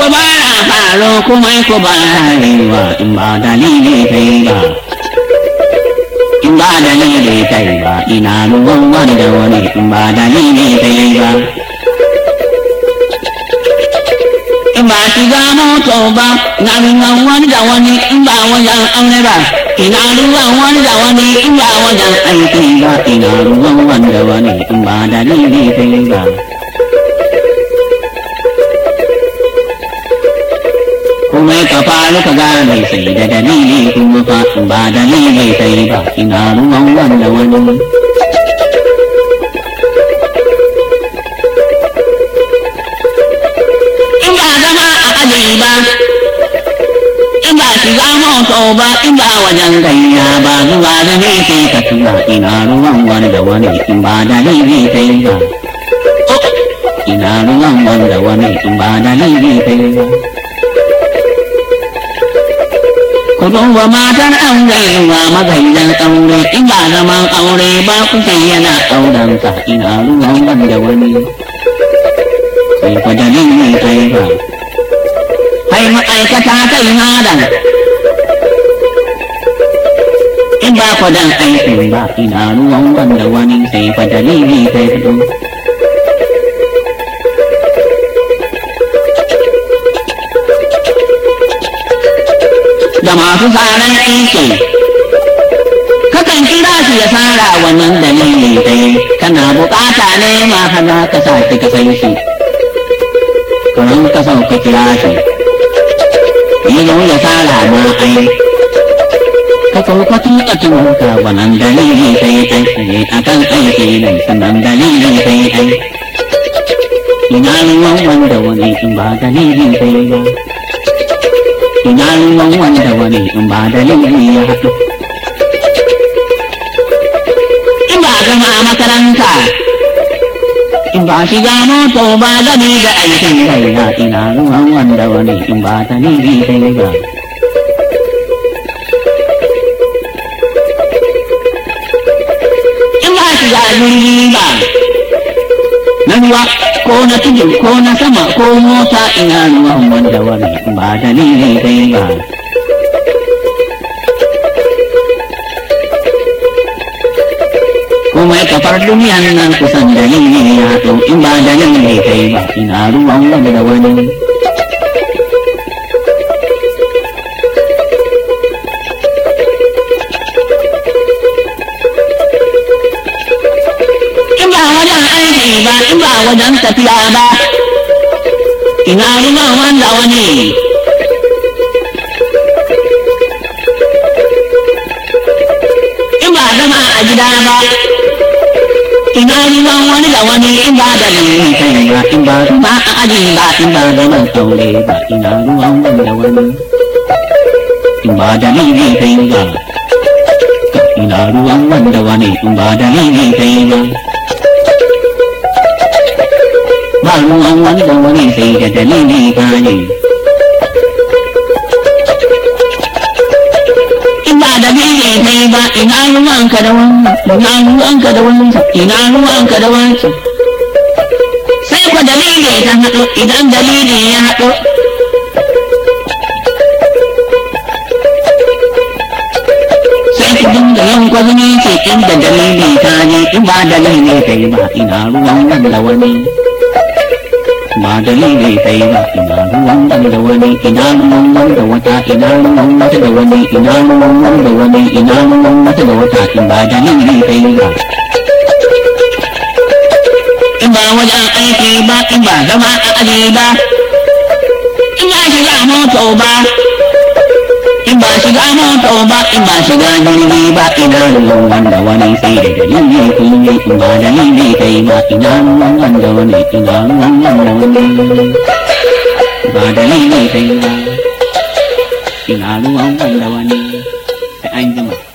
ku bara faro kuma ku barewa in ba dalili kai ba in ba dalili kai ba ina ruwan wani da wani in ba dalili kai ba in ba ki gano to ba na ruwan wani da wani in ba wajen aure ba ina ruwan wani da wani in ba wajen aiki ba ina ruwan wani da wani in ba dalili kai ba kuma ka faru ka gane sai da dalili kuma fa ba dalili sai ba ina ruwan wanda wani in ba zama a aji ba in ba shiga moto ba in ba wajen gayya ba zuwa da ne sai ka tura ina ruwan wanda wani in ba dalili sai ba ina ruwan wanda wani in ba dalili sai ba ku duba matan aure ba magaidan aure in ba zaman aure ba ku yana auren aurensa ina ruwan ban da wani sai ku da nan mai aiba hai ma'aikata kai hada in ba ku dan aikin ba ina ruwan ban da wani sai fa dalili kai fito da masu tsaron aiki kakan kira shi ya fara wannan dalili dai kana bukata ne ma hana ka sake ka san shi kuran ka sauka kira shi yi yau ya fara ma ai ka sauka tuka tuka wannan dalili dai-dai. aiki ne akan aiki ne sannan dalili dai-dai? ina ruwan wanda wani in ba dalili dai-dai? ina ruwan wanda wani in ba da lili ya haɗu in ba zama a makaranta in ba shiga moto ba gani da aikin raina ina ruwan wanda wani in ba da lili sai ba in ba shiga jirgi ko na tudu ko na sama ko mota ina ruwan wanda wani ba ba kuma kafar duniyan nan kusan dalilin ya to in ba ba ina ruwan wanda wani wajen tafiya ba ina ruwan wanda wani in ba zama a gida ba ina ruwan wani da wani in ba da lalin kai ba in ba ba a ajin ba in ba zama aure ba ina ruwan wanda wani in ba da lalin kai ba ina ruwan wanda wani in ba da lalin kai ba hannu an wanda wani sai da dalili gane ina dalili kai ba ina ruwanka da wannan ina da sai ku dalili ta haɗo idan dalili ya Sai da yan gwazini ce inda dalili ta ne in ba dalili kai ba ina ruwan wanda wani ಮಾದಲಿ ದೈವ ನಾನು ಒಂದೊಂದವನಿ ಇನಾನು ನೊಂದೊಂದವತ ಇನಾನು ನೊಮ್ಮತದವನಿ ಇನಾನು ನೊಂದೊಂದವನಿ ಇನಾನು ನೊಮ್ಮತದವತ ಮಾದಲಿ ದೈವ ba wajen aiki ba in ba zama a aji ba in ya shiga moto ba in ba shiga moto ba in ba shiga jirgi ba ina ruwan wanda wani sai da dalili ne in ba dalili kai ba ina ruwan wanda wani ina ruwan wanda wani ba dalili kai ba ina ruwan wanda wani ta an jima